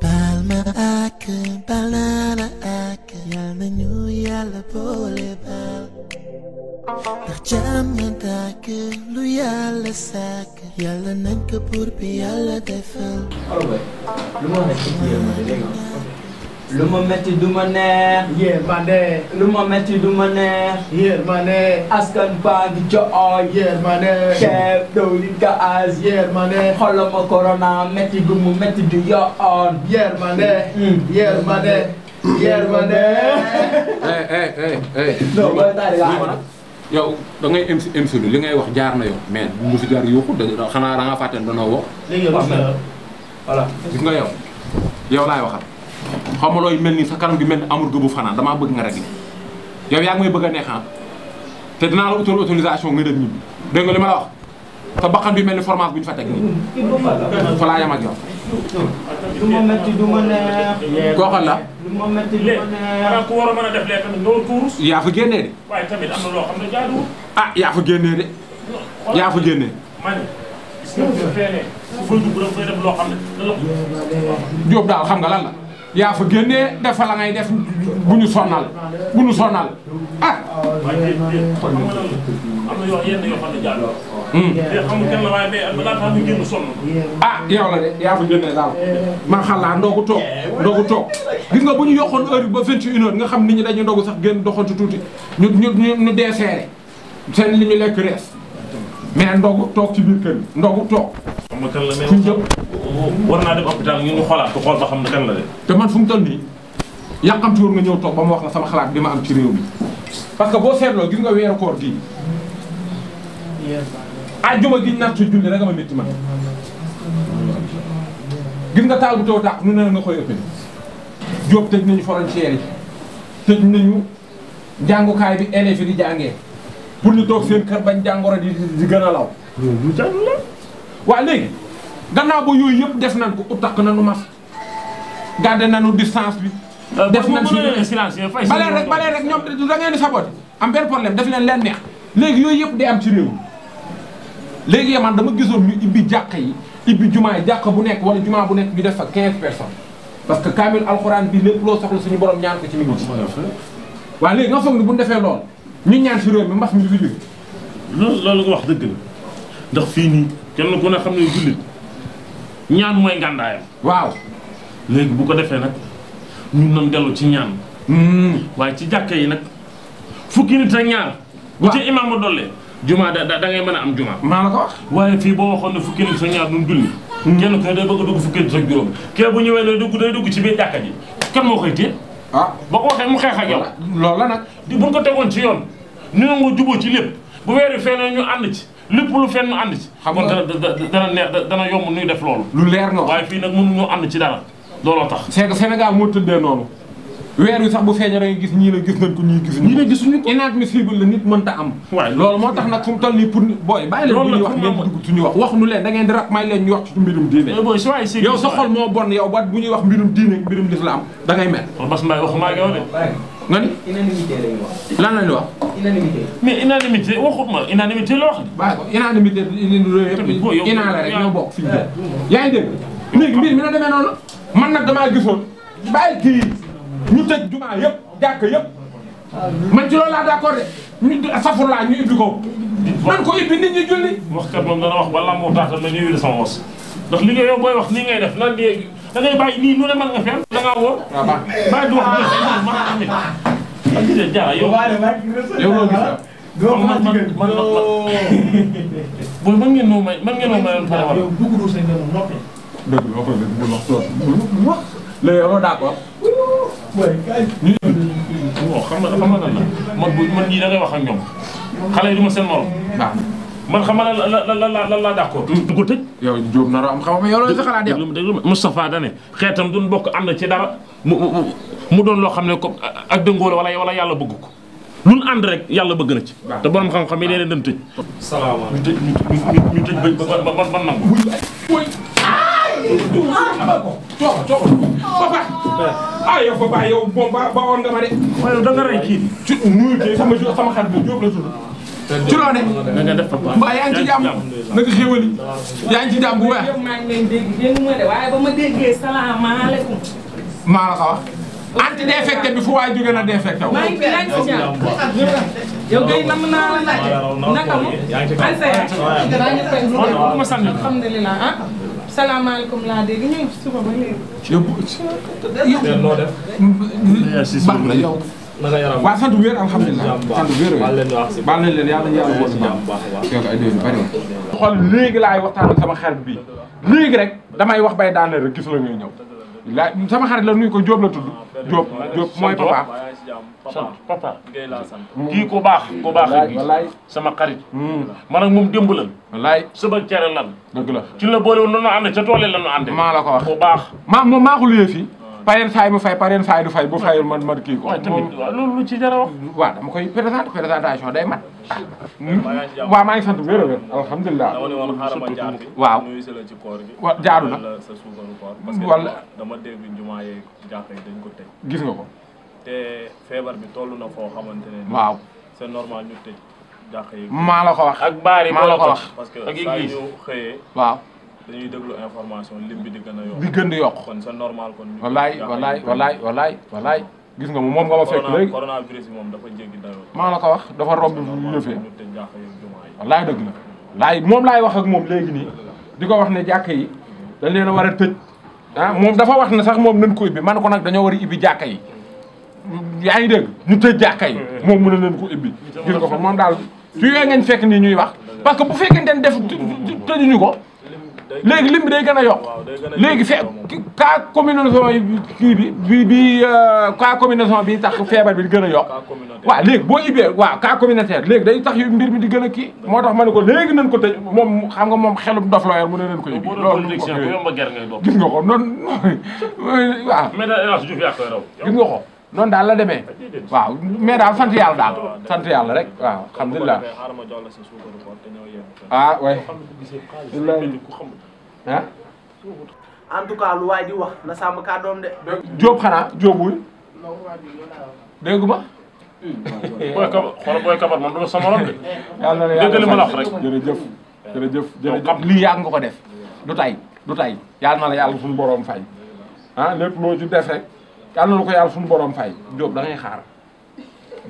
Palma akı, banana akı Yalnız yalla pole bal Nakcam yantakı, lu yalla sakı Yalla nanka purpi yalla defal Alright, lumana kitiyor mu? lu ma metti du ma neex. yërmande. lu ma metti du neex. askan baa ngi jooy. yërmande. ceeb diwlin gaz. yërmande. xoolal ma corona metti gu mu du yoon. yërmande. Mm. yërmande. yërmande. non mooy taal la yow da ngay MC MC li wax jaar na yow mais mu fi jaar yuuxu da xanaa da ngaa fàtte ne danoo wax. léegi yow gis nga yow. xaw ma looy mel ni sa kanam gi mel ni amul gëbu fanaan damaa bëgg nga rek yow yaa ngi bëgg a neexaan ah. te dinaa la utal autorisation nga dem dégg nga li ma la mel ni formation bu ñu fa teg nii fa laa la. a yaa fa génnee de. na loo xam ah, yaa fa génnee de. yaa fa génnee. ma ne gis daal xam nga lan la. yaa fa génnee def fa la bu ñu sonal bu ñu sonal ah. Hmm. ah yow la de yaa fa génnee daal man xalaat ndogu toog ndogu toog gis nga bu ñu yokkoon heure ba vingt et nga xam nit ñu dañu ndogu sax génn doxantu tuuti ñu ñu ñu deeseere seen li rees. mais ndogu toog ci biir kër ndogu toog. xam la mais fu ñu war naa dem hôpital xoolaat ko xool xam ne kan la te man fu mu toll nii yàqamti woon nga ñëw toog ba mu wax na sama xalaat bi ma am ci réew mi parce que boo seetloo gis nga weeru koor gii ajjuma gi natt julli rek ma métti man gis nga taal bu taw dàq nu ne nga koy ëppee jóob tëj nañu frontière yi tëj nañu jàngukaay bi élèves yi di jàngee. pour ñu toog seen kër bañ jàngoro di di gën a law. loolu lu la. waaw léegi gannaaw ba yooyu yëpp def nañ ko utaq nañu masque garder nañu distance bi. Euh, def nañ suñu euh, silence euh, balee rek balee rek ñoom da ngeen di saboté am benn problème def leen leen neex léegi yooyu yëpp di am ci réew léegi man dama gisoon bi ibbi jàq yi ibbi jumaa yi jàq bu nekk wala jumaa bu nekk ñu def fa 15 personnes parce que kaamil alxuraan bi lépp loo soxla suñu borom ñaan ko ci mi ngi ci léegi nga foog ni bu ñu defee lool ñu ñaan si réew bi mbax mi du fi jóge loolu nga wax dëgg la ndax fii nii kenn ku ne xam ne jullit ñaan mooy ngàndaayam waaw léegi bu ko defee nag ñun nan dellu ci ñaan hmm. waaye ci jàkka yi nag fukki nit ak ñaar bu ci imaam ma dollee juma da da ngay a am juma maa la ko wax waaye fii boo waxoon ne fukki nit ak ñaar duñ julli hmm. kenn ku ne day bëgg a dugg fukki nit ak juróom kee bu ñëwee lay dugg day dugg ci biir jàkka ji kan moo koy téye ah boo ko waxee mu xeex ak yow. loolu la nag. di buñ ko tegoon ci yoon. nu nga nga juboo ci lépp bu weer wi feneen ñu ànd ci lépp lu fenn ñu ànd ci. xam nga dana neex dana yomb nuy def loolu. lu leer nga waaye fii nag mënuñoo ànd ci dara looloo tax. c'est que Sénégal moo tëddee noonu. weer wi sax bu feeñee da ngay gis ñii la gis nañ ko ñii gis ñii la gisuñu ko inadmissible la nit mënta am loolu moo tax nag fu mu toll nii pour booy bàyyi leen ñuy wax ngeen dugg suñuy wax wax nu leen da ngeen di rap may leen ñu wax ci mbirum diine yow sa xol moo bon yow ba bu ñuy wax mbirum diine mbirum lislaam da ngay mel Bass Mbaye waxuma ak yow de nga ni unanimité lañu wax lan lañu wax unanimité mais unanimité waxuma unanimité la wax bàyyi ko unanimité inaa la rek ñoo bokk fi ñu yaa ngi dégg léegi mbir mi na demee noonu man nag damaa gisoon bàyyi kii ñu tëj jumaa yëpp jàkk yëpp man ci loolu laa d'accord de ñu safur laa ñu ibbi ko man ko ibbi nit ñi julli waxkat moom dana wax ba lambu taatal na ñuy wili sama wos ndax li nga yow booy wax nii ngay def a léegi da ngay bàyyi nii nu ne mën nga fenn da ngaa wóor du wax mën a am nit jara man man man man booy mën ngeen noo may mën ngeen noo léegi am na d'accord. xam nga xam nga lan la man bu man ñii da wax ak ñoom xale yi du ma seen morom. waaw man xam nga la la lan la lan laa d'accord. du ko tëj. yow Diop nar a am xam nga da ne xeetam duñ bokk am na ci dara mu mu doon loo xam ne ko ak dëngoo la wala wala yàlla bëgg ko. lu ñu rek yàlla bëgg na ci. te borom xam-xam yi nee nañ tëj. ñu tëj ñu tëj ba ba ba coono coono papa. ah yow papa yow moom ba bawoon nga ma de. waaye da nga rey kii bi. ci nuyu sama sama xarit bi Diop la tudd. ci loone na nga def papa mbaa yaa ngi ci jàmm na nga xéwali yaa ngi ci jàmm bu baax maa ngi leen dégg dégg ma de waaye ba ma déggee salaamaaleykum maa la ko wax anti défecté bi fu waay jóge na défecté wu maa ngi yaa ngi ci jàmm yow kay nam naa la laaj naka mu alhamdulilah salaamaaleykum laa dégg ñëw suba ba léegi. yow baax na yow. waaw sant wér alhamdulilah sant wér wér baal nañ leen yàlla yàlla boo si baax yow ay déwén bari na xool léegi laay waxtaan ak sama xarit bi léegi rek damay wax bay daane rek gis la ñuy ñëw la sama xarit la nuyu ko Diop la tudd Diop Diop mooy papa sant papa kii ku baax ku baax sama xarit hmm. man ak moom démb lan wallaay suba cere lan dëgg la ci la boole woon lanu ànd ca tool yi lanu ànd maa la ko wax ku baax maa moom maa ko luyee fii ah. pareen saay mu fay pareen saay du fay bu fayul man man kii ko loolu lu ci dara wax waaw dama koy présenté présentation day mat waaw maa ngi sant wér a wér alhamdulilah waaw waaw jaadu na wala gis nga ko te feebar bi toll na foo xamante ne. waaw c'est normal ñu tëj maa ko wax ak baar yi maa wax parce que saa déglu information lim di gën a di gën yokk kon c'est normal kon. wallaay wallaay wallaay gis nga moom nga ma fekk léegi maa la ko wax dafa romb lu dëgg la. laay moom laay wax ak moom léegi nii di ko wax ne jàkka yi dañ leen a war a tëj ah, moom dafa wax ne sax moom nan ko ubbi man ko nag dañoo war a ibbi jàkka yi. yaa ngi dégg ñu tëj jàkka yi mm-hmm. moom mën a leen ko ubbi gis nga ko moom daal ci yooyu ngeen fekk nii ñuy wax parce que bu fekk ne def tëjuñu ko léegi lim bi day gën a yokk léegi fe cas communation kii bi bi bi cas euh, communation bi tax feebar bi di gën a yokk waaw léegi boo ubbee waaw cas communautaire léegi day tax mbir mi di gën a kii moo tax ma ne ko léegi nañ ko tëj moom xam nga moom xelum dof la yor mu ne leen ko yóbbi loolu gis noonu daal la demee waaw mais daal sant yàlla daal sant yàlla rek waaw alhamdulilah ah way ah en tout cas lu waay di wax na sàmm kàddoom de jóob xanaa jóobul déggu ma booy kabar xoolal booy kabar man du ma sama morom de yàlla na yàlla li ma la wax rek jërëjëf jërëjëf jërëjëf lii yàgg nga ko def du tay du tay yàlla na la yàlla suñu borom fay ah lépp loo ci def rek yàlla na ko yàlla suñu borom fay Diop da ngay xaar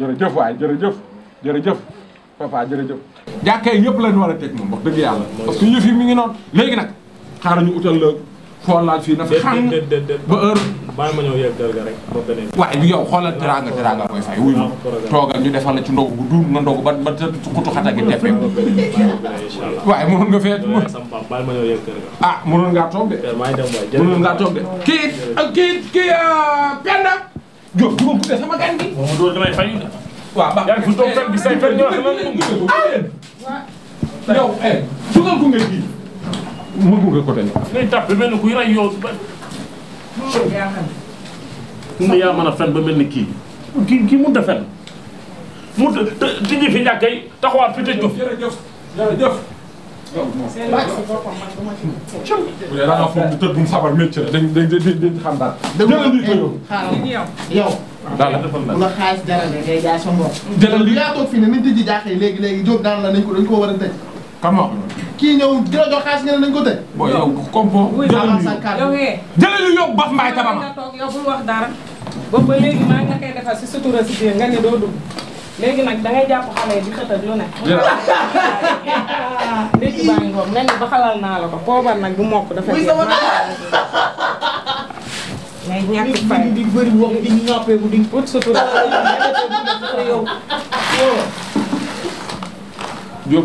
a waay jërëjëf jërëjëf papa jërëjëf. jàkkee yëpp lañ war a teg moom wax dëgg yàlla. parce que yëf yi mi ngi noonu léegi nag xaaral ñu utal la. xoolal fii na fi xam ba heure. bàyyi ma ñëw yegg ga rek ba beneen. waaw yow xoolal teraanga teraanga koy fay wuy ma ah, ñu defal ci ndogu ndogu ba ba xutu xata gi ma ga. ah mënoon ngaa toog de. mënoon ngaa toog de kii kii kii ah, Penda. ko sama gan gi. waaw loolu damay fay. ba bi say ñu wax la. yow eh, ko ma gunge ko dañ. ngay tàpp mel ni kuy rey yow ba. mu ne yaa mën a fen ba mel ni kii kii kii mënut a fen mu tijji fi ñàkk yi taxawaat fi tëj ko. jërëjëf jërëjëf. bu dee da ngaa foog tëdd bu mu sabar métier la dañ dañ dañ xam daal. yow. daal la defal la xaalis jarale ngay jaay sa mbokk. jarale li yaa toog fii ne nañ tëjji jaaxle léegi léegi jóg daan la nañ ko dañ koo war a tëj. kan moo xam kii ñëw di la jox nañ ko tëj. booy yow compo eh. jëlal ñu yóbbu baf mbaay tabama. nga toog eh, yow bul wax dara boobu ba léegi maa nga sutura nga ne da ngay di lu ne. Ah, léegi baa ngi ko ba xalal naa la ko poobar nag bu mokk dafa jeex. ngay ñàkk fay di bëri wax di ñàppeeku di sutura yow.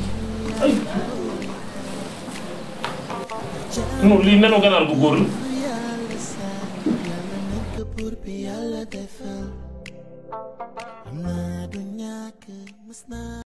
non lii nenu ganaar bu góor la.